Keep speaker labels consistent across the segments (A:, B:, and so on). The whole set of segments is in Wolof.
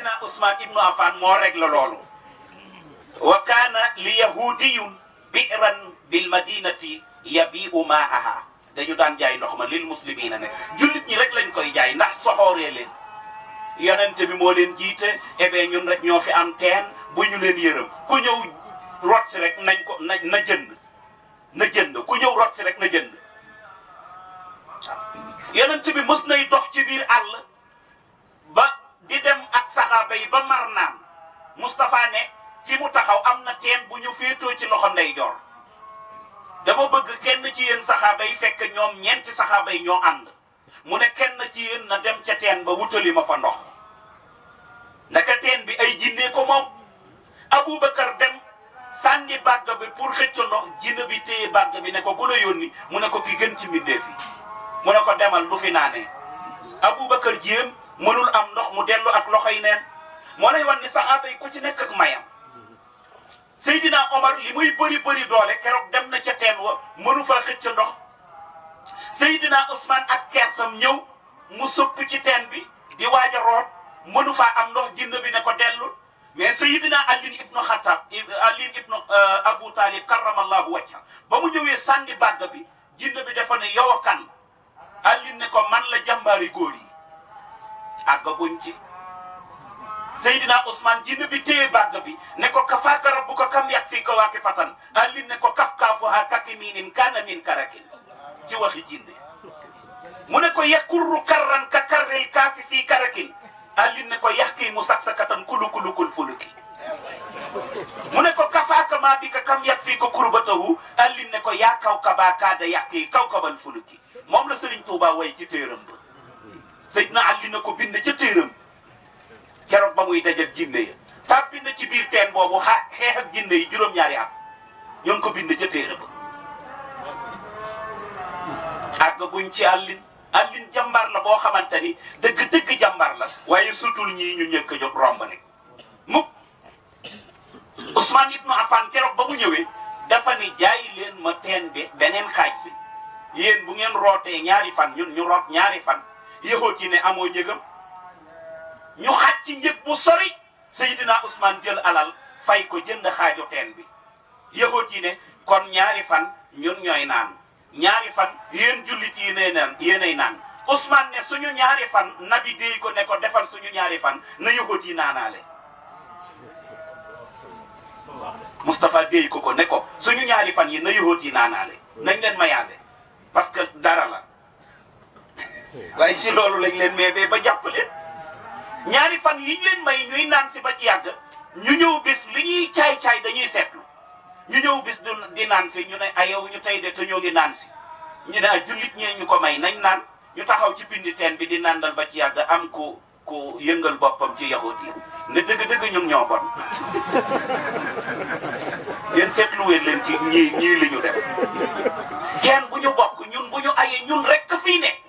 A: Seydina Ousmane ibnu Affan moo réglé loolu wa kaana li yahudiyun bi'ran bil madinati yabi'u maaha dañu daan jaay ndox ma lil muslimina nekk jullit ñi rek lañ koy jaay ndax soxooree leen yonente bi moo leen jiite ebe ñun rek ñoo fi am teen bu ñu leen yërëm ku ñëw rot si rek nañ ko na na jënd na jënd ku ñëw rot si rek na jënd yonente bi mës nay dox ci biir àll di dem ak saxaaba yi ba mar mustafaane Moustapha fi mu taxaw am na teen bu ñu féetoo ci loxo ndeyjoor dama bëgg kenn ci yéen saxaaba fekk ñoom ñeenti saxaaba yi ñoo ànd mu ne kenn ci yéen na dem ca teen ba wutali ma fa ndox naka teen bi ay jinne ko moom Aboubacar dem sànni bàgg bi pour xëcc ndox jinne bi téye bàgg bi ne ko ku la mu ne ko ki gën ci mbindéef yi mu ne ko demal du fi naanee Aboubacar jéem mënul am ndox mu dellu ak loxo yi neen moo lay wan ni saxaaba yi ku ci nekk ak mayam Seydina Omar li muy bëri bëri doole keroog dem na ca teen wa mënu fa xëcc ca ndox Seydina Ousmane ak sam ñëw mu sëpp ci teen bi di waaj a mënu faa am ndox jinn bi ne ko dellul mais Seydina Alioune ibnu Xattaab Alioune ibnu euh, Abu Talib karramallahu wajha ba mu ñëwee sànni bàgg bi jinn bi dafa ne yow a ne ko man la jàmbaari góor yi àggaguñ ci Seydina Ousmane jinn bi téye bàgg bi ne ko kafaaka rabbuka kam yakfika waakifatan allin ne ko kaf kaafuha kakimiinin kaana min karakin ci waxi jinne mu ne ko yakurru karran ka karril kaafi fii karakin allin ne ko yaxkii mu saksakatan kulukulukul fuluki bi ka kam kaada yaxkii kaw fuluki moom la Serigne Touba way ci téeram Seydina Ali na ko bind ca téeram keroog ba muy dajal jinne ya taa ci biir teen boobu xa xeex ak jinne yi juróom-ñaari at ñoo ngi ko bind ca téera ba àgg buñ ci àllin àllin jàmbar la boo xamante ni dëgg-dëgg jàmbar la waaye sutul ñii ñu ñëkk jóg romb rek mukk Ousmane Ibnu Affan keroog ba mu ñëwee dafa ni jaay leen ma teen beneen xaaj bi yéen bu ngeen rootee ñaari fan ñun ñu root ñaari fan yëgoot yi ne amoo njëgam ñu xaj ci njëg bu sori Seydina Ousmane jël alal fay ko jënd xaaju teen bi yëgoot yi ne kon ñaari fan ñun ñooy naan ñaari fan yéen jullit yi nee naan yéenay naan Ousmane ne suñu ñaari fan nag yi déy ko ne ko defal suñu ñaari fan na yëhoot yi naanaale Moustapha déy ko ko ne ko suñu ñaari fan yi na yëhoot yi naanaale nañ leen ma mayaale parce que dara la waaye ci loolu lañ leen meebee ba jàpp leen ñaari fan yiñ leen may ñuy naan si ba ci yàgga ñu ñëw bis li ñuy caay-caay dañuy seetlu ñu ñëw bis du di naan si ñu ne ayow ah, ñu tey de te ñoo ngi naan si ñu ne ah jullit ñee ñu ko may nañ naan ñu taxaw ci pindi teen bi di naan nandal ba ci yàgg am ku ku yëngal boppam ci yahut yi ne dëgg-dëgg ñun ñoo bon yéen seetluwee leen ci ñii ñii li ñu def kenn bu ñu bokk bu ñu ayee ñun rek fii ne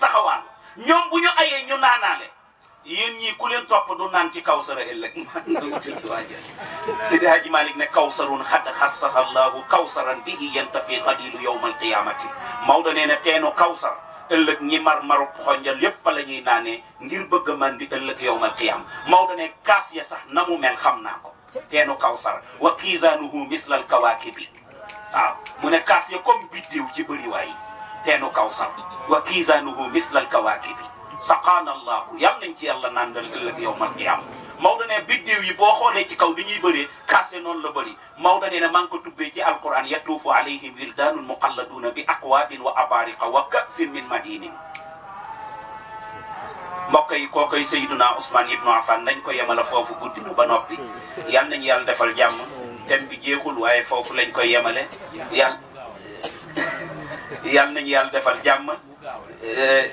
A: taxawaan ñoom bu ñu ayee ñu naanaale yéen ñii ku leen topp du naan ci kawsara ëllëg Seydi Hadji Malick ne kawsarun xad xassaha allahu kawsaran bihi yantafi xadilu yowma alqiyamati Maodo nee na teenu kawsar ëllëg ñi mar maru xonjal yépp fa la ñuy naanee ngir bëgg a man di ëllëg yowma alqiyama Maodo ne kaas ya sax na mu mel xam naa ko teenu kawsar wa kiisaanuhu misla alkawaakibi waaw mu ne kaas ya comme biddiw ci bëriwaay yi teenu kawsar wa kiisaanuhu mislal kawaakibi saqaana allahu yàlla nañ ci yàlla nandal ëllëg yawmal qiyaama Maodo ne biddiw yi boo xoolee ci kaw li ñuy bëree kaase noon la bëri Maodo ne ne man ko tubbee ci alquran yatuufu alayhim wildaanun muqalladuuna bi akwaabin wa abaariqa wa kasin min madinin mbokk yi koo koy Seydina Ousmane Ibnu Affan nañ ko yemale foofu guddi ba noppi yal nañu yàlla defal jàmm thème bi jeexul waaye foofu lañ koy yemale yàlla yal nañu yàlla defal jàmm eh,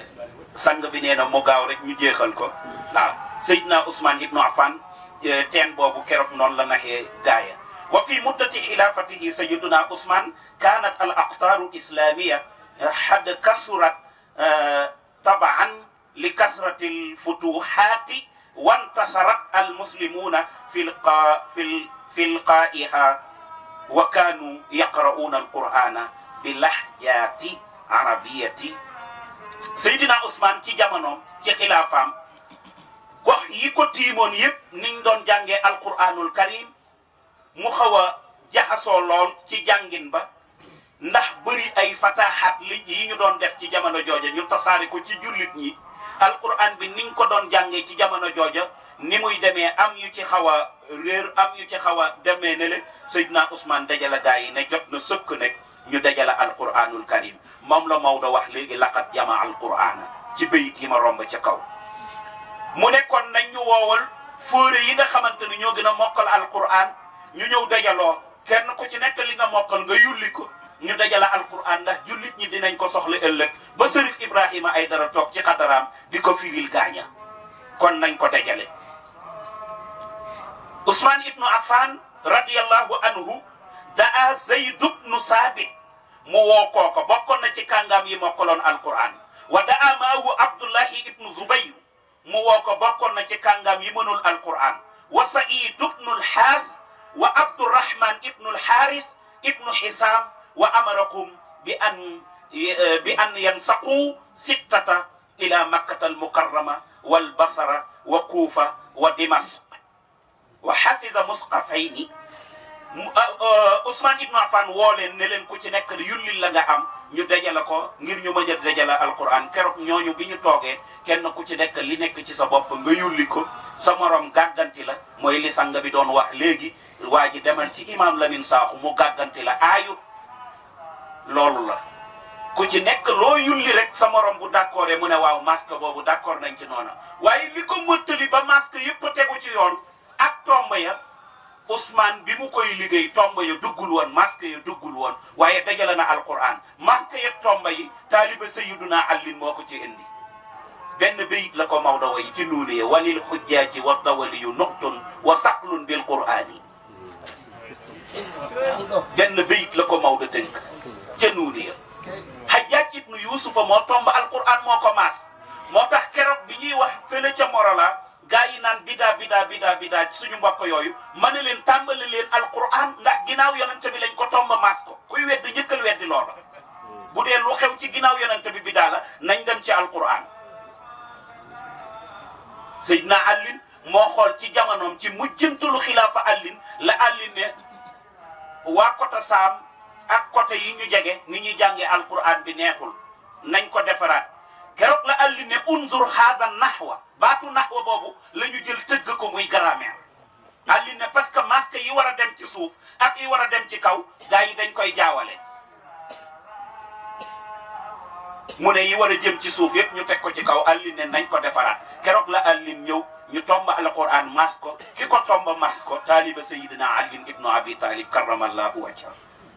A: sang bi nee na mu gaaw rek ñu jeexal ko waaw Seydina Ousmane ibnu Affan eh, teen boobu keroog noonu la naxee gaaya wa fi muddati xilaafatihi Seydina Ousmane kaanat al aqtaaru islamiya xad kasurat eh, tabaan li kasrati al futuhaati wantasarat al muslimuuna fi fi fi lqaa'iha wa kaanu yaqra'uuna al qur'aana bi lahjaati arabiyati Seydina Ousmane ci jamonoom ci xilaafaam gox yi ko tiimoon yépp niñ doon jàngee alquranul karim mu xaw a jaxasoo lool ci jàngin ba ndax bëri ay fataaxaat li yi ñu doon def ci jamono jooja ñu tasaare ko ci jullit ñi alquran bi niñ ko doon jàngee ci jamono jooja ni muy demee am yu ci xaw a réer am yu ci xaw a demee ne le Seydina Ousmane dajale gaa yi ne jot na sëkk nekk ñu dajale alquranul karim moom la Maodo wax léegi laqat jama alqurana ci bayit yi ma romb ca kaw mu ne kon nañ ñu woowal fóore yi nga xamante ni ñoo gën a mokkal alquran ñu ñëw dajaloo kenn ko ci nekk li nga mokkal nga yulli ko ñu dajale alquran ndax jullit ñi dinañ ko soxla ëllëg ba sërif Ibrahima ay dara toog ci xadaraam di ko firil gaaña kon nañ ko dajale Ousmane ibnu Affan radiyallahu anhu daa Zayd ibnu Saabit mu woo kooka bokkoon na ci kàngam yi mokkaloon alquran wa daa maahu abdullahi ibnu zubayr mu woo ko bokkoon na ci kàngam yi mënul alquran wa said ibnu lxaas wa abdurahman ibnu lxaaris ibnu xisaam wa amarakum bi an bi an yansaqu sittata ila makkata almukarrama walbasara wa kuufa wa dimas wa xafida musqafayni Ah, euh, Ousmane Ibn Affan woo leen ne leen ku ci nekk yu yullil la nga am ñu dajale ko ngir ñu mën a dajale alquran keroog ñooñu gi ñu toogee kenn ku ci nekk li nekk ci sa bopp nga yulli ko sa morom gàgganti la mooy li sang bi doon wax léegi waa ji demal ci imaam Lamine Sakho mu gàgganti la aayut loolu la. ku ci nekk loo yulli rek sa morom bu d'accord mu ne waaw masque boobu d'accord nañ ci noona waaye li ko mëttali ba masque yëpp tegu ci yoon ak tomb ya. Ousmane bi mu koy liggéey tomba ya duggul woon masque ya waaye dajale na alquran masque ya tomba yi taaliba sayiduna allin moo ko ci indi benn bayit la ko Maodo way ci nuuni walil xujjaaji wa dawali yu nuqtun wa saqlun bil qurani benn bayit la ko Maodo dënk ca nuuni ya Hajjaaj ibnu Yuusufa moo tomba alquran moo ko maas moo tax keroog bi ñuy wax fële ca Morola gars yi naan bida bida bida bida suñu mbokk yooyu ma ne leen tàmbali leen alquran ndax ginnaaw yonente bi lañ ko tomba maas ko kuy weddi njëkkal weddi loola bu dee lu xew ci ginnaaw yonente bi bida la nañ dem ci alquran Seydina Alin moo xool ci jamonoom ci mujjantulu xilaafa Alin la Alin ne waa côté Saam ak côté yi ñu jege ni ñuy jànge jàngee alquran bi neexul nañ ko defaraat keroog la Alin ne unzur haada nahwa baatu nag wa boobu la ñu jël tëgg ko muy grammaire àllin ne parce que masque yi war a dem ci suuf ak yi war a dem ci kaw gaa yi dañ koy jaawale mu ne yi war a jëm ci suuf yëpp ñu teg ko ci kaw àllin ne nañ ko defaraat keroog la àllin ñëw ñu tomba alquran mas ko ki ko tomb mas ko taaliba sayidina àllin ibnu abi taalib karamallahu wajha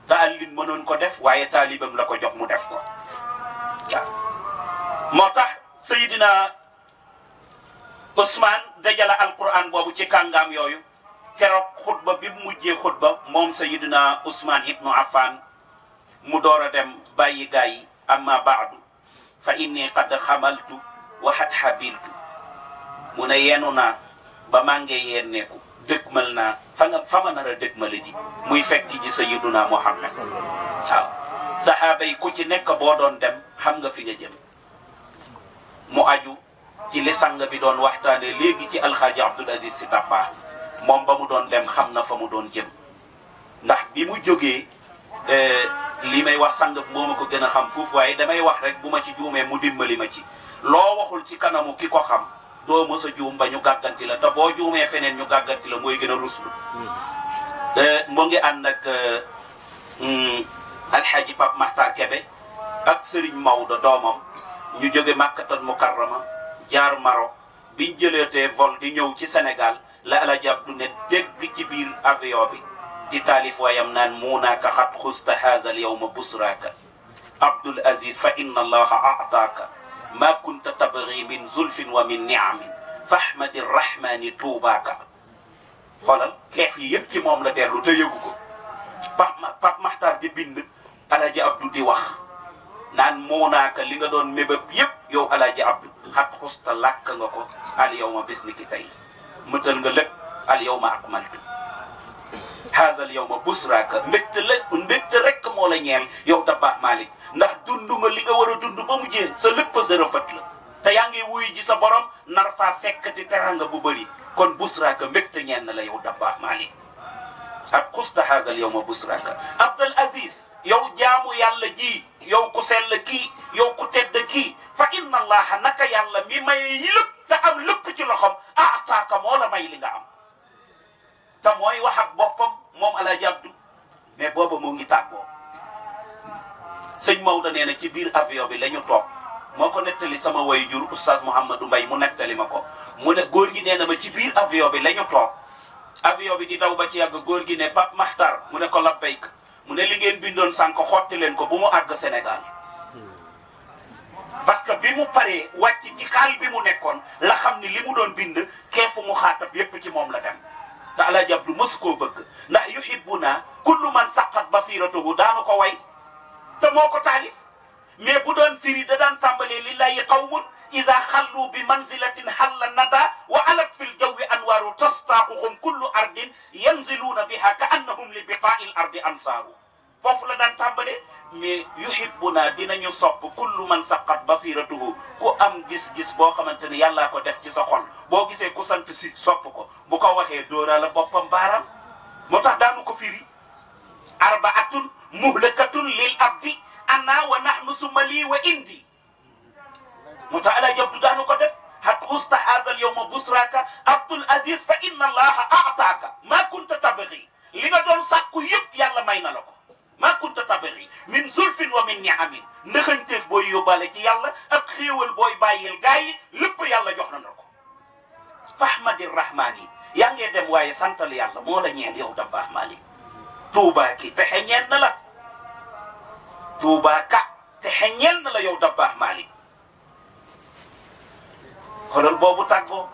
A: te àllin mënoon ko def waaye taalibam la ko jox mu def ko moo tax sayidina Ousmane dajala alquran boobu ci kàngaam yooyu keroog xutba bi mu mujjee xutba moom sayidina Ousmane ibnu Affan mu door a dem bàyyi gaa yi amma baadu fa inni qad xamaltu waxat xabiltu mu ne naa ba maa yeen nekku dëgmal naa fa nga fa ma nar a muy fekk ji sayiduna Muhammad waaw saxaaba yi ku ci nekk boo doon dem xam nga fi nga jëm mu aju ci li sang bi doon waxtaane léegi ci alxaaji abdul aziz si dabbaax moom ba mu doon dem xam na fa mu doon jëm ndax bi mu jógee eh, li may wax sang bi moo ma ko gën a xam foofu waaye damay wax rek bu ma ci juumee mu dimbali ma ci loo waxul ci kanamu ki ko xam doo mës a juum ba ñu gàgganti la te boo juumee feneen ñu gàgganti la mooy gën a ruslu eh, mu ngi ànd ak eh, mm, alxaaji Pape Maxtar Kebe ak Serigne Maodo doomam ñu jóge Màkkatal Mukarrama jaar Maroc biñ jëleetee vol di ñëw ci senegal la ala jàpp du ne dégg ci biir avion bi di taalif waayam naan muunaaka xat xusta haazal yowma busraaka abdul aziz fa inna allaha aataaka ma kunta tabri min zulfin wa min niamin fahmadi rahmani tuubaaka xoolal xeex yi ci mom la dellu te yëgu ko Pap Maxtaar di bind alaji di wax naan muunaaka li nga doon mébéb yëpp yow alaji abdu xat xusta làkk nga ko al yow ma bis ni ki nga lépp al yow ma akmaltu haasal yow ma busraaka mbégte la mbégte rek moo la ñeel yow Dabakh Malick ndax dund nga li nga war dund ba mu sa lépp sa rafet la te yaa ngi wuyu ji sa borom nar faa fekk di teranga bu bëri kon busraaka mbégte ñeen na la yow Dabakh Malick ak xusta haasal yow ma busraaka Abdul Aziz yow jaamu yàlla ji yow ku sell kii yow ku tedd kii fa inna allaha naka yàlla mi may lépp te am lépp ci loxom ataaka moo la may li nga am te mooy wax ak boppam moom Alaaji Abdu mais booba moo ngi tàggoo sëñ mow nee na ci biir avion bi la toog moo ko nettali sama way jur oustaz Mouhamadou mbay mu nettali ma ko mu ne góor gi nee na ma ci biir avion bi la ñu toog avion bi di daw ba ci yàgg góor gi ne Pape Makhtar mu ne ko labbayk mu ne li ngeen bindoon sànq xotti leen ko bu mu àgg senegal que bi mu paree wàcc ci xaal bi mu nekkoon la xam ni li mu doon bind keefu mu xaatab yépp ci moom la dem te alaaji abdu mësu koo bëgg ndax yuhibbuna kullu man saqat basiratuhu daanu ko way te moo ko taalif mais bu doon firi da daan tàmbalee lillahi qawmun ida xallu bi manzilatin xalla nada wa alat fi l jawwi anwaaru tastaaquhum kullu ardin yanziluuna biha ka annahum li biqaa'i l ardi ansaaru foofu la daan tàmbalee mais yuhibbuna dinañu sopp kullu man saqat basiratuhu ku am gis-gis boo xamante ne yàllaa ko def ci sa xol boo gisee ku sant si sopp ko bu ko waxee dóora la boppam baaraam moo tax daanu ko firi arbaatun muhlakatun lil abdi ana wa nahnu summa lii wa indi moo tax ala jabdu daanu ko def hat usta aadal yowma busraaka abdul aziz fa inna allaha aataaka maa kunta tabagi li nga doon sàkku yëpp yàlla may na la munta tabari min zulfin wa min niamin ndëxañteef booy yóbbaale ci yàlla ak xéewal booy bàyyil gars yi lépp yàlla jox na na ko fahmadi rahmaani yaa dem waaye santal yàlla moo la ñeen yow daf baax maali tuubaa ki na la tuubaa ka pexe na la yow daf baax maali xoolal boobu tàggoo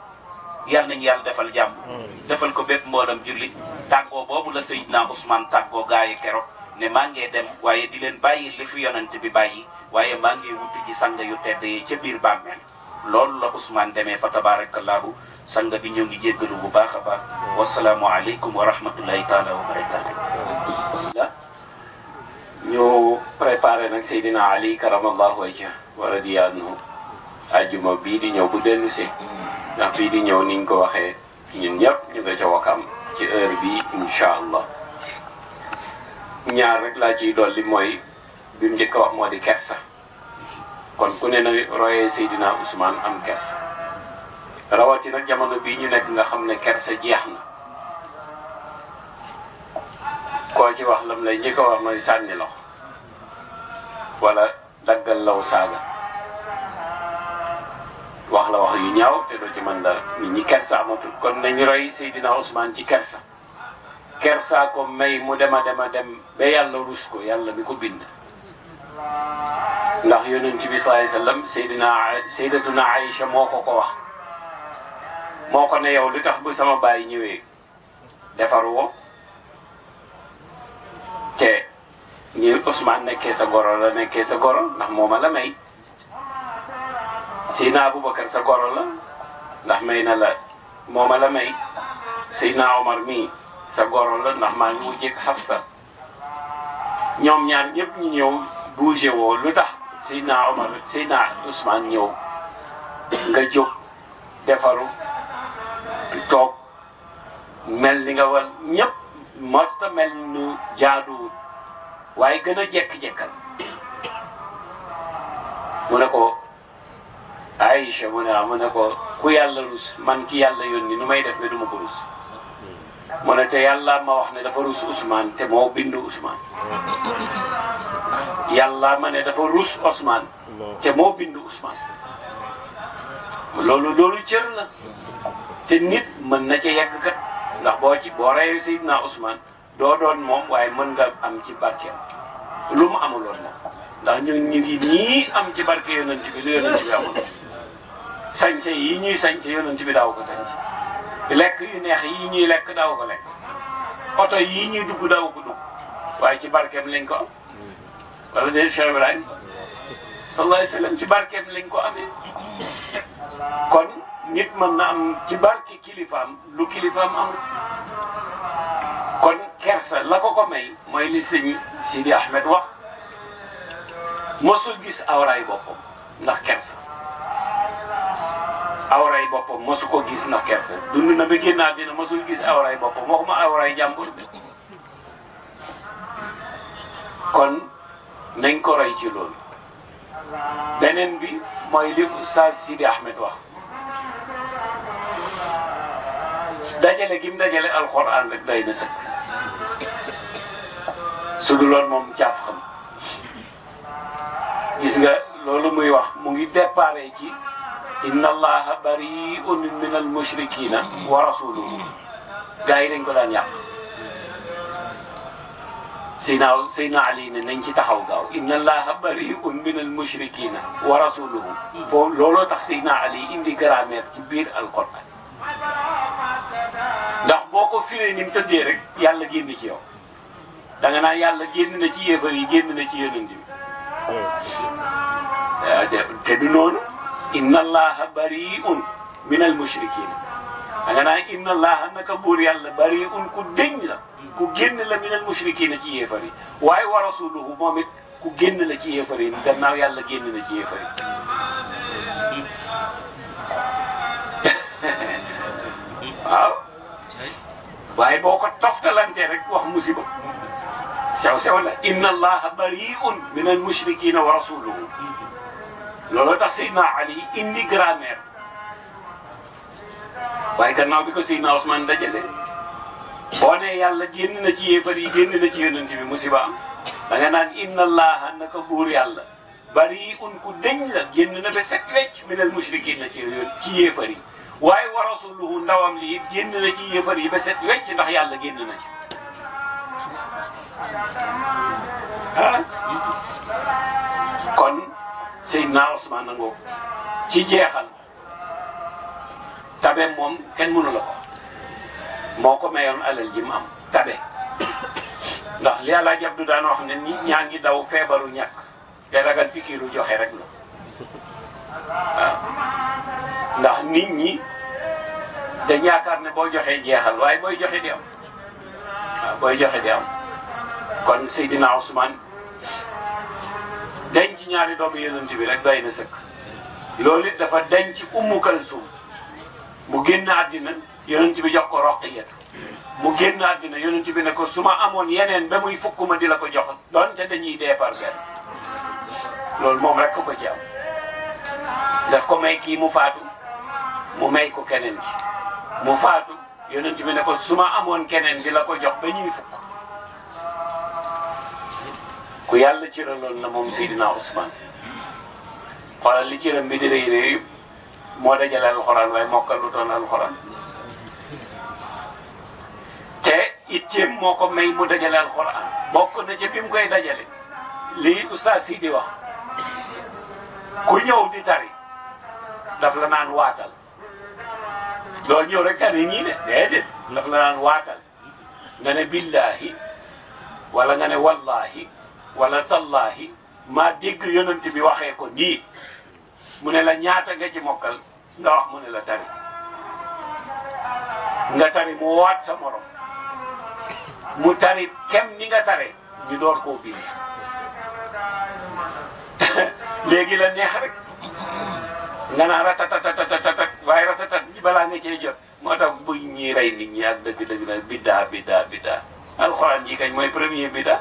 A: yal nañu yàlla defal jàmm defal ko bépp mboolam jullit tàggoo boobu la Seydina Ousmane tàggoo gaa ne maa ngee dem waaye di leen bàyyi li fi yonent bi bàyyi waaye maa ngee wuti ji sang yu tedd yi ca biir bàmmeel loolu la Ousmane demee fa tabarakallahu sang bi ñoo ngi jéggalu bu baax a baax wasalaamu aleykum wa rahmatullahi taala wa barakatuh ñu préparé nag Seydina Ali karamallahu wajhah wa radiya anhu ajjuma bii di ñëw bu dellu si ndax yi di ñëw niñ ko waxee ñun ñëpp ñu nga ca ci heure bi incha allah ñaar rek laa ciy li mooy bi njëkk a wax moo di kersa kon ku ne na royee Seydina Ousmane am kersa rawatina jamono bii ñu nekk nga xam ne kersa jeex na koo ci wax lam lay njëkk a wax mooy sànni loxo wala daggal law saaga wax la wax yu ñaaw te doo ci mën dara nit ñi kersa amatul kon nañu roy Seydina Ousmane ci kersa kersaa ko may mu dem a dem a dem ba yàlla rus ko yàlla mi ko bind ndax yonent bi sallallahu alayhi wasallam Seydina Seydatuna Aïcha moo ko ko wax moo ko ne yow li tax bu sama baay ñëwee defar wo te ñi Ousmane nekkee sa goro la nekkee sa goro ndax a la may Seydina Aboubacar sa goro la ndax may na la a la may Seydina Omar mi sa goro la nax maa ngi wujjeeg Hafsa ñoom ñaar ñëpp ñu ñëw bougé woo lu tax Seydina Omar Seydina Ousmane ñëw nga jóg defaru toog mel ni nga war ñëpp mosta mel nu jaaduwul waaye gën a jekk-jekkal mu ne ko Aïcha mu ne ah mu ko ku yàlla rus man ki yoon ni nu may def ba du ma ko mu ne te yàlla ma wax ne dafa rus Ousmane te moo bindu Ousmane ma ne dafa rus Ousmane bindu Ousmane loolu loolu cër la te nit mën na ci yegg kat ndax boo ci boo reyu Seydina Ousmane doo doon moom waaye mën nga am ci barke lu mu amuloon moom ndax ñu ñu ngi am ci barke yonent bi lu yonent bi sañse yi ñuy sañse yonent bi daaw ko sañse lekk yu neex yi ñuy lekk daaw ko lekk oto yii ñuy dugg daaw ko dugg waaye ci barkeem lañ ko am ci barkeem lañ ko amee kon nit mën na am ci barke kilifaam lu kilifaam am kon kersa la ko ko may mooy li sëñ Sidi Ahmed wax mosul gis awraay boppam ndax kersa awray boppam mosu ko gis na kersa dund na ba génn àddina mosul gis awray boppam ma awray jàmbur kon nañ ko roy ci loolu beneen bi mooy li Oustaz Sidi Ahmed wax dajale gim dajale alxuraan rek doy na sëkk su moom jàpp xam gis nga loolu muy wax mu ngi déparé ci inna allaha bariun min al mushrikina wa rasuluhu gaa yi dañ ko daan yàq Seydina Seydina Ali ne nañ ci taxaw gaaw inna allaha bariun min al mushrikina wa rasuluhu boo looloo tax Seydina Ali indi grammaire ci biir alquran ndax boo ko firee ni mu tëddee rek yàlla génn ci yow da nga naan yàlla génn na ci yéefar yi génn na ci yonent bi hmm. eh, te du noonu inna allaha bariun min al mushrikin da nga naan inna allaha naka buur yàlla bariun ku déñ la ku génn la min al mushrikin ci yéefar yi waaye wa rasuluhu moom it ku génn la ci yéefar yi gannaaw yàlla génn na ci yéefar yi waaw waaye boo ko toftalantee rek wax musiba sew sew la inna allaha bariun min al mushrikin wa rasuluhu looloo tax Seydina Ali indi grammaire waaye gannaaw bi ko Seydina Ousmane dajale boo nee yàlla génn na ci yéefar yi génn na ci yonent bi musiba am da nga naan inna allaha naka buur yàlla ku deñ la génn na ba set wecc minal mushrikin na ci ci yéefar yi waaye wa rasuluhu ndawam li it génn na ci yéefar yi ba set wecc ndax yàlla génn na ci Seydina Ousmane nangoo ci jeexal tabe moom kenn mënu la ko moo ko mayoon alal ji mu am tabe ndax li Alaaji Abdu daan wax ne nit ñaa ngi daw feebaru ñàkk te ragal pikiiru joxe rek la ndax nit ñi dañ yaakaar ne boo joxee jeexal waaye booy joxe di am booy joxe di am kon Seydina Ousmane denc ñaari doomu yonent bi rek doy na sëkk loolu it dafa denc ummu kalsum mu génn àddina yonent bi jox ko roqiya mu génn àddina yonent bi ne ko suma amoon yeneen ba muy fukk ma di la ko jox doonte dañuy dee par benn loolu moom rek ko ci am daf ko may kii mu faatu mu may ko keneen ki mu faatu yonent bi ne ko suma amoon keneen di la ko jox ba ñuy fukk ku yàlla cëraloon la moom Seydina Ousmane xoolal li cëram bi di rëy rëy moo dajale alxuraan waaye mokkalu doon alxuraan te itteem moo ko may mu dajale alxuraan bokk na ci bi mu koy dajale lii oustaz si di wax ku ñëw di tari daf la naan waatal loolu ñëw rek tari ñii ne déedéet daf la naan waatal nga ne billaahi wala nga ne wallaahi wala tallaahi maa dégg yonent bi waxee ko nii mu ne la ñaata nga ci mokkal nga wax mu ne la tari nga tari mu waat sa morom mu tari kem ni nga tare ñu door koo bind léegi la neex rek nga naan ratatatatatatatat waaye ratatat bi balaa nga cee jot moo tax bu ñuy rey nit ñi ak dëgg-dëgg nag biddaa biddaa biddaa alxuraan yi kañ mooy premier biddaa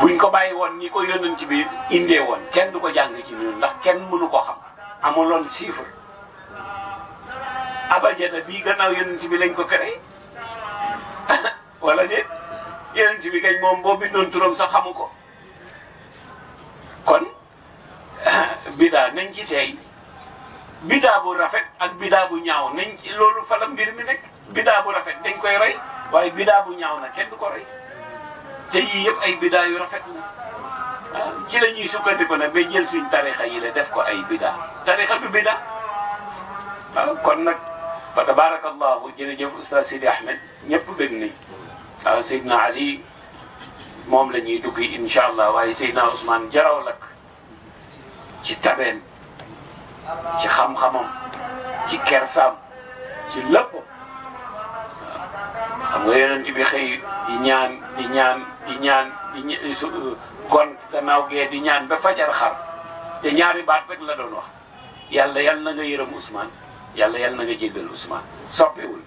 A: buñ ko bàyyi woon ñi ko yónnoon ci biir indee woon kenn du ko jàng ci biir ndax kenn mënu ko xam amuloon chiffre abajana bii gannaaw yónnoon ci bi lañ ko créé wala déet yónnoon bi kañ moom boo bindoon turam sax xamu ko kon bidaa nañ ci tey bidaa bu rafet ak bidaa bu ñaaw nañ ci loolu fa la mbir mi nekk bu rafet dañ koy roy waaye bidaa bu ñaaw na kenn du ko roy te yii yëpp ay bidaa yu rafet la ah, ci la ñuy sukkandiku nag ba jël suñ tarixa yi la def ko ay bidaa tarixa bi bidaa waaw ah, kon nag fa tabarakallahu jërëjëf oustaz Sidi Ahmed ñëpp bëgg nañ waaw ah, Seydina Ali moom la ñuy dugg incha allah waaye Seydina Ousmane jaraw lakk ci tabeen ci xam-xamam ci kersaam ci lépp xam nga yonent bi xëy di ñaan di ñaan di ñaan gon gannaaw gee di ñaan ba fajar xar te ñaari baat rek la doon wax yàlla yal na nga yërëm Ousmane yàlla yal na nga jéggal Ousmane soppiwul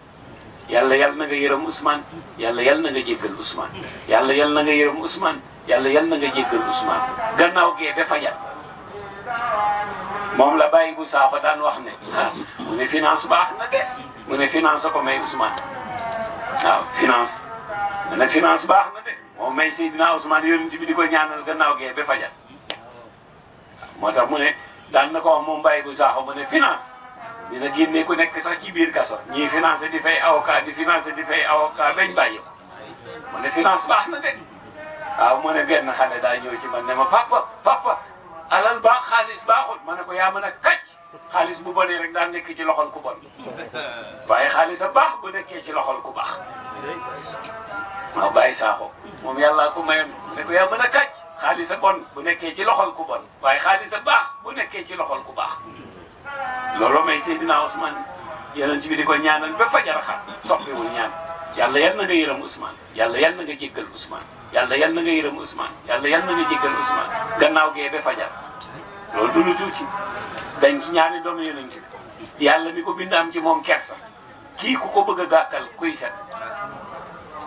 A: yàlla yal na nga yërëm Ousmane yàlla yal na nga jéggal Ousmane yàlla yal na nga yërëm Ousmane yàlla yal na nga jéggal Ousmane gannaaw gee ba fajar moom la bàyyi bu saaba daan wax ne ah mu finance baax na finance ko may Ousmane waaw finance mu ne finance baax na de moom may Seydina Ousmane yonent bi di ko ñaanal gannaaw gee ba fajar moo tax mu ne daan na ko wax moom bàyyi bu saaxo mu ne finance dina génne ku nekk sax ci biir kaso ñii financé di fay avocat di financé di fay avocat bañ bàyyi ko mu ne finance baax na de a mu ne benn xale daa ñëw ci man ne ma papa papa alal baax xaalis baaxul ma ne ko yaa mën kaj xaalis bu bonee rek daa nekk ci loxol ku bon waaye xaalis a baax bu nekkee ci loxol ku baax maa bàyyi saaxo moom yàllaa ko mayoon ne ko yaa mën a kàcc xaalis a bon bu nekkee ci loxol ku bon waaye xaalis a baax bu nekkee ci loxol ku baax loolu may Seydina Ousmane yonent bi di ko ñaanal ba fajar xat soppiwul ñaan yàlla yal na nga yërëm Ousmane yàlla yal na nga jéggal Ousmane yàlla yal na nga yërëm Ousmane yàlla yal na nga jéggal Ousmane gannaaw gee ba fajar loolu du lu tuuti dañ ci ñaari doomu yonent bi yàlla mi ko bind am ci moom kersa kii ku ko bëgg a gàkkal kuy set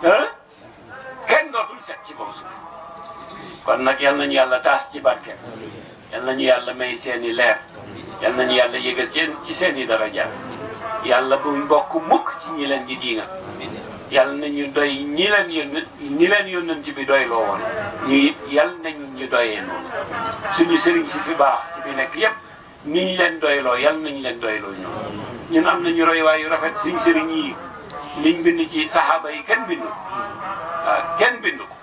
A: ah kenn dootul set ci kaw kon nag yal nañu yàlla taas ci barke yal nañu yàlla may seeni leer yal nañu yàlla yëgal ci ci seeni daraja yàlla bu mbokk mukk ci ñi leen di diinga yàlla nañu doy ñi leen yónni ñi leen yónnanti bi doy loo woon ñu it yàlla nañ ñu doyee noonu suñu sëriñ si fi baax si fi nekk yépp niñ leen doyloo yàlla nañ leen doyloo ñoom ñun am nañu roy waay yu rafet suñ sëriñ yi liñ bind ci saxaaba yi kenn bindu waaw ah, kenn bindu ko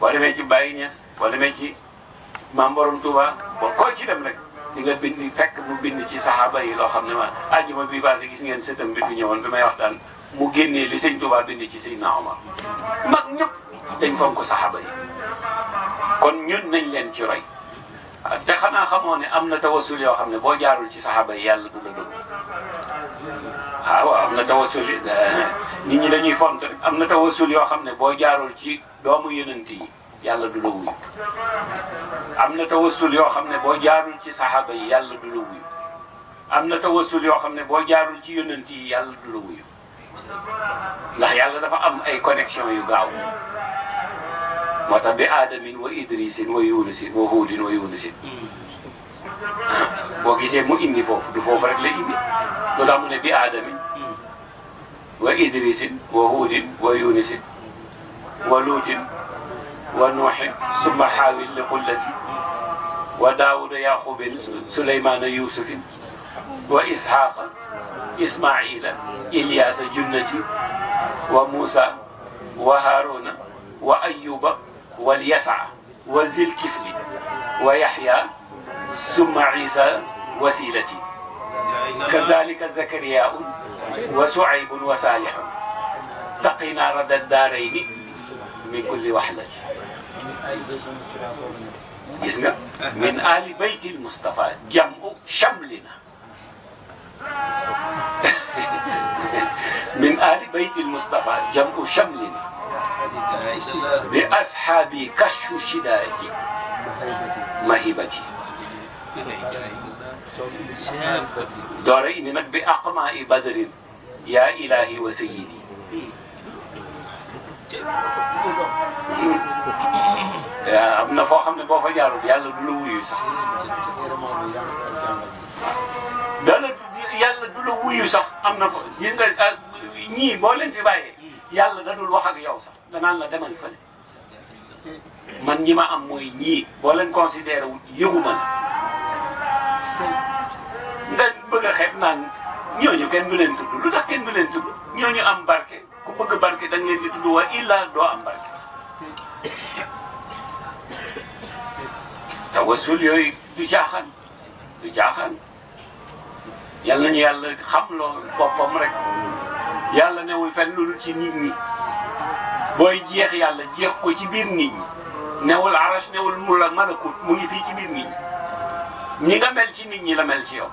A: boo demee ci Baye Niass boo demee ci Maam Borom Touba ba koo ci dem rek di nga bind fekk mu bind ci saxaaba yi loo xam ne ma àjjuma bi passé gis ngeen sëtam bi fi ñëwoon bi may waxtaan mu génnee li sëñ Tuubaa bind ci Seydina Omar mag ñëpp dañ fonk saxaaba yi kon ñun nañ leen ci roy ah, te xanaa xamoo ne am na tawasul yoo xam ne boo jaarul ci saxaaba yi yàlla du la dugg ah, na tawasul eh, ñi dañuy font am na tawasul yoo xam ne boo jaarul ci doomu yonent yi yàlla du la wuyu am na tawasul yoo xam ne boo jaarul ci saxaaba yi yàlla du la wuyu am na tawasul yoo xam ne boo jaarul ci yonent yi yàlla du la ndax yàlla dafa am ay connexion yu gaaw moo tax bi aadamin wa idrisin wa yunusin wa huudin wa yunusin boo gisee mu indi foofu du foofu rek la indi lu tax mu ne bi aadamin wa idrisin wa huudin wa yunusin wa luutin wa nuuxin summa xaawil li xullati wa daawuda yaquubin suleymaana yuusufin wa ishaqa ismaila ilyasa junnati wa musa wa haruna wa ayuba wal yasa wa zil kifli wa yahya summa isa wasilati kazalika zakariyau wa suaybun wa salihun taqina rada daarayni min kulli wahlati gis nga min ali bayti l Mustafa jamu chamlina من آل بيت المصطفى جمع شمل لأصحابي كشف شدائي مهبتي دارين نك بأقماء بدر يا إلهي وسيدي am na foo xam ne boo fa jaarul yàlla du la wuyu sax yàlla du la wuyu sax am na ko gis ah, ñii boo leen fi bàyyee yàlla da dul wax ak yow da naan la demal fële man ñi ma am mooy ñii boo leen considéré wu yëgu ma nga bëgg a naan naan ñu kenn du leen tudd lu tax kenn du leen tudd am barke ku bëgg barke da ngeen di wa illa doo am barke tawassul yooyu du jaaxaan du jaaxaan yal nañu yàlla xam loo boppam rek yàlla newul fenn lu ci nit ñi booy jeex yàlla jeex ko ci biir ni ñi newul arash newul mu la malakut mu ngi fii ci biir ni ñi ñi nga mel ci nit ñi la mel ci yow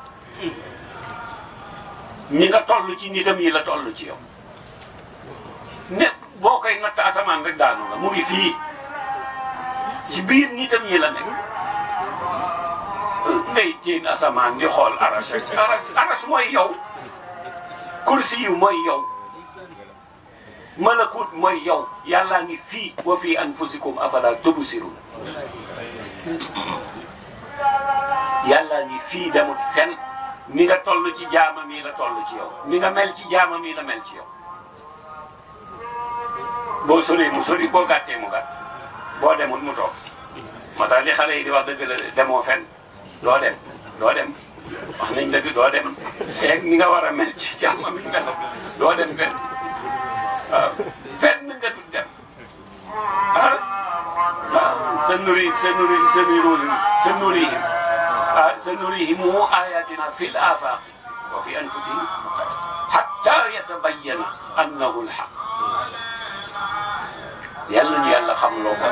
A: ñi nga toll ci nitam yi la toll ci yow ne boo koy natt asamaan rek daanu mu ngi fii ci biir nitam yi la nekk ngay jéem asamaan gi xool aras aras mooy yow kursi yu mooy yow malakut mooy yow yàllaa ngi fii wa fii anfusikum afalaa tubsirun yàllaa ngi fii demut fenn ni nga toll ci jaama mi la toll ci yow ni nga mel ci jaama mii la mel ci yow boo sori mu sori boo gàttee mu gàtt boo demul mu toog moo tax xale yi di wax dëgg la demoo fenn doo dem doo dem wax nañ dëgg doo dem feeg ni nga war a mel ci jàmm mi nga xam doo dem fenn waaw fenn nga du dem ah waaw sa nuri sa nuri sa nuri sa nuri ah sa nuri mu ayatina fil afaq wa fi anfusihim hatta yatabayyana annahu alhaq yàlla ñu yàlla xam loo ko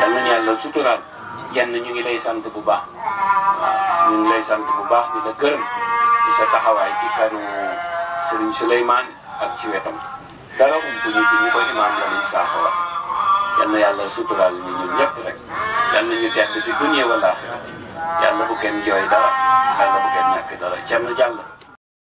A: yàlla ñu yàlla suturaal yenn ñu ngi lay sant bu baax ñu ngi lay sant bu baax di la gërëm ci sa taxawaay ci kanu Serigne Souleymane ak ci wetam dara umpuñu ci ñu ko imaam la ñuy saako yàlla suturaal ñu ñun ñëpp rek yal na ñu tedd fi dunya wala axira yàlla bu kenn jooy dara yàlla bu kenn ñàkk dara ceeb na jàll.